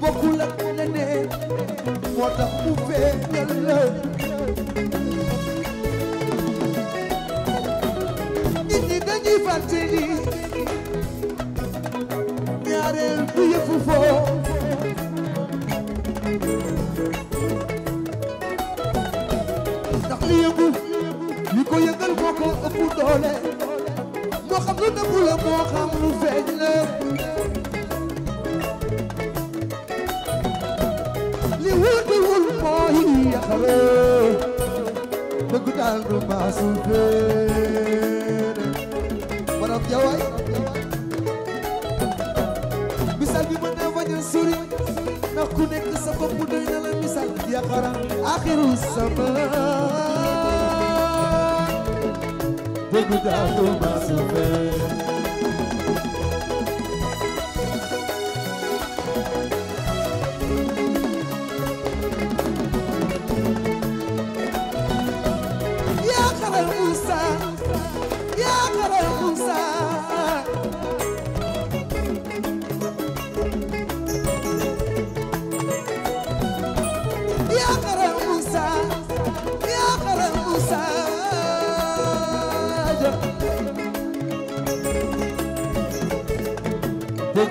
bokkul ak leneen moo tax mu feeñal la nit ñi dañuy fàtte ni ñaareel du yëfu foo ndax li yëngu li ko yëngal moo ko ëpp doole moo xam lu nëbbu moo xam lu feeñ la xaree dëgg daal du maasu féere borom jawaay bi mën naa bañ a suri ku nekk sa bopp doy na la misaal yaqara axiru sama dëgg daal du maasu féere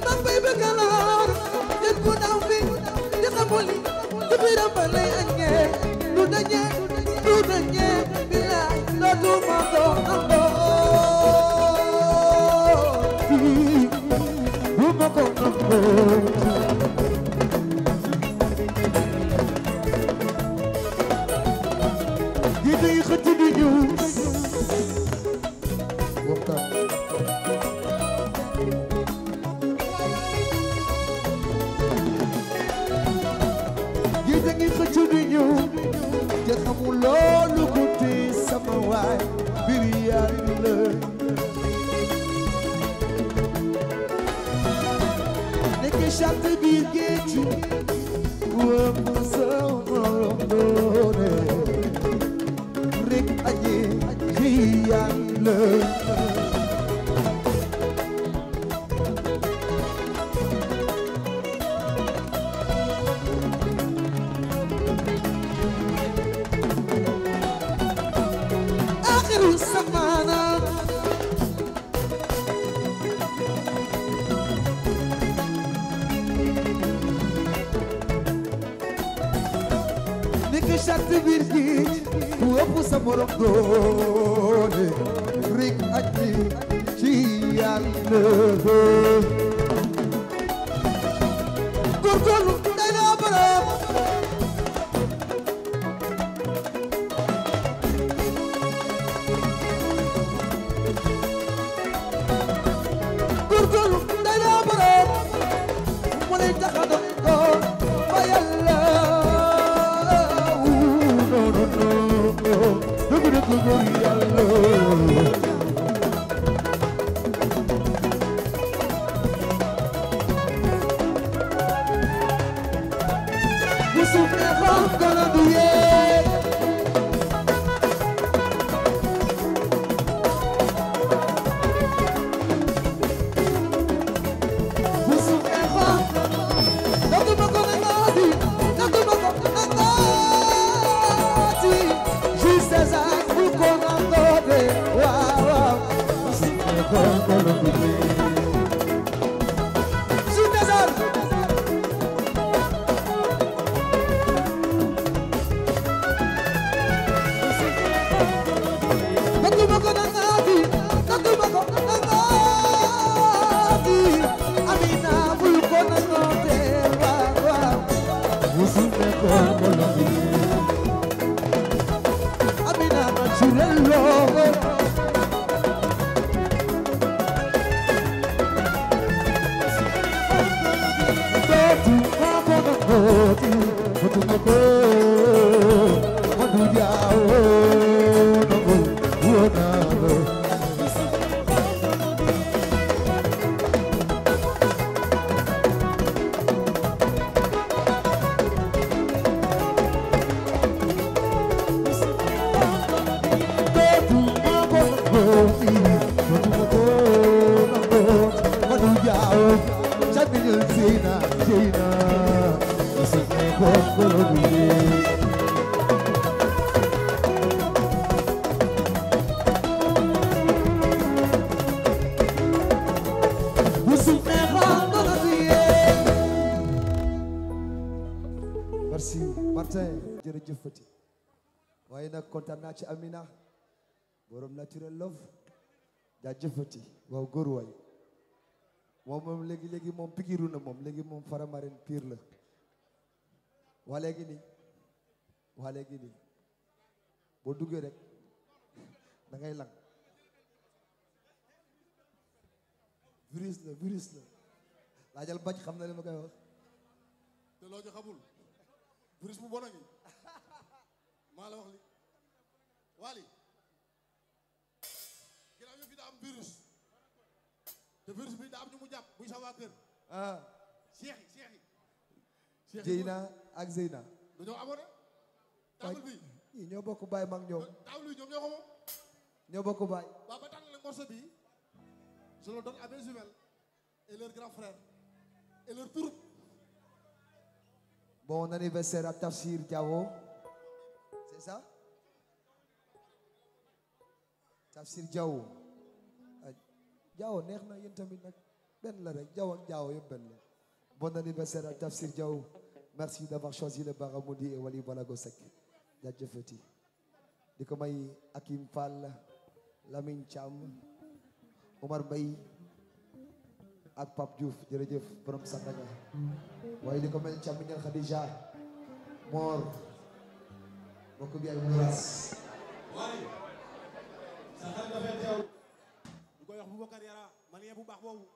bi ma fay ba galaar jën bu ndaw bi di xamul ci biiram ba lay añee lu dañee lu dañee billaay loolu ma doon nangoo bu ma ko nangoo da ngeen ko ci di ñëw te xamul loolu guddi sama waay mbir yàlla nekk charte bi géeju woo آخر السمانة نكشت بيرجي وابو سمرق دوني ريك أجي جيان قرقلو Zeyna Zeyna isitme kokulu diye Isitme kokulu diye Merci Martin jërëjëf Fati waaye nag kontaan naa ci Amina borom naturel love jaajëf Fati waaw góor waay waaw moom léegi léegi moom pikiru na moom léegi moom fara faramarin piir la waa léegi nii waa léegi nii boo duggee rek da ngay lang viris la virus la laajal baj xam na li ma koy wax te loo ñu xamul bu bon a ngi maa wax li waali ginnaaw ñu fi da virus te virus bi am ñu mu jàpp muy sa ah. Cheikh yi Cheikh Jeyna ak Zeyna. dañoo abonné. taabal bi ñii ñoo bokk baay mag ñoom. taabal bokk baay. waaw ba tànn le donne à mes jumelles et leur grand frère et leur troupe. bon anniversaire à Tafsir Diawo c'est ça. Tafsir Diawo. jaaw neex na yéen tamit nag benn la rek jaaw ak jaaw yëpp benn la bon anniversaire à Tafsir Diaw merci d'avoir choisi le Baramundi et Wally Balago Seck jaajëfati di ko may Akim Fall Lamine Thiam Omar Mbaye ak Pape Diouf jërëjëf borom Sandaga waaye di ko may càmmiñal Khadija Mor mbokk bi ak Mouras wax Boubacar Yara malien bu baax boobu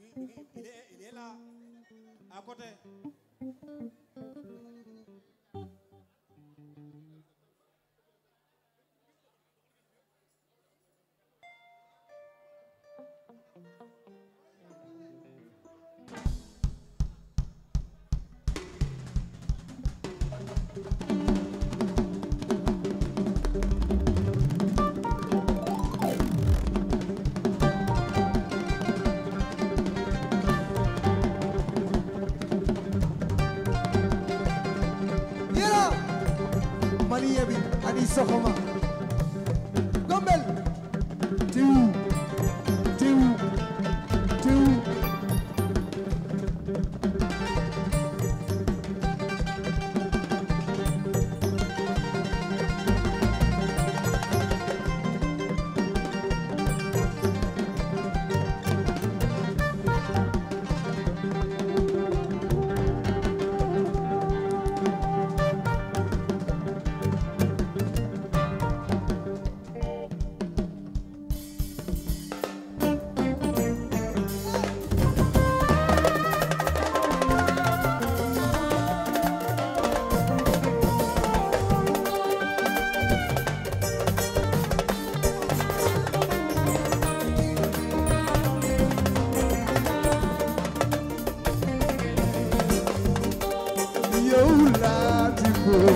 mi ngi mi ngi il est là à côté soxoma yow laa ti ko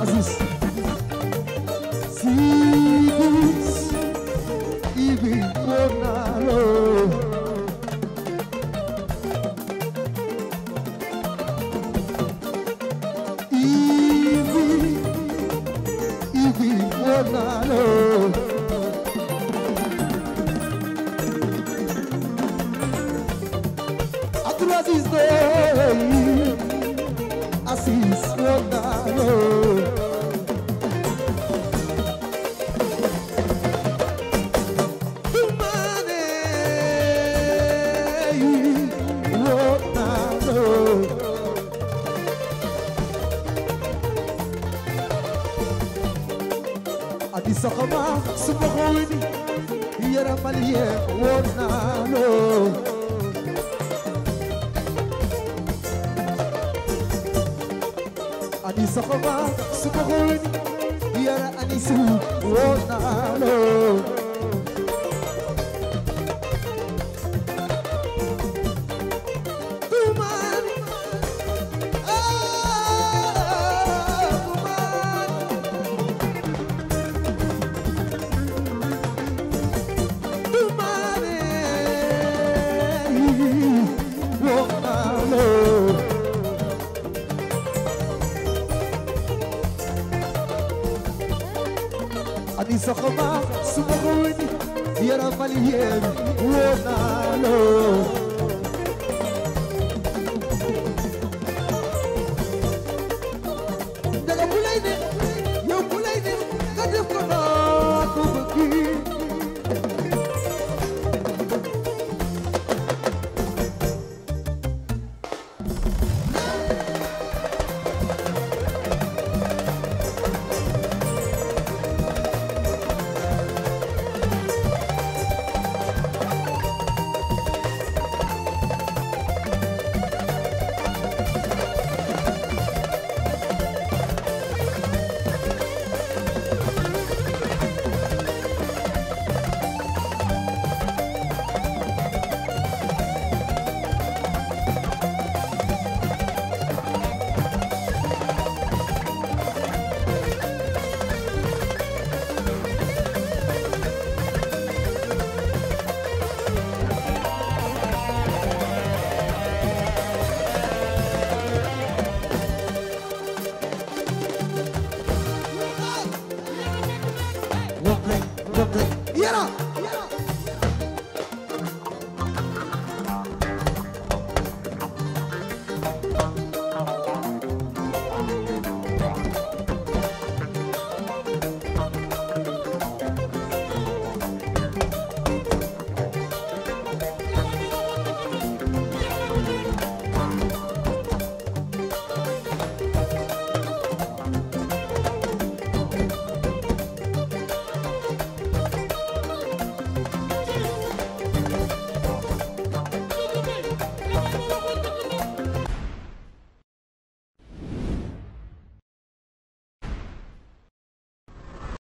Aziz xamal yee woon naa loo ani soxoma su ma xool yara ani su woon naa loo yéen woo naa loo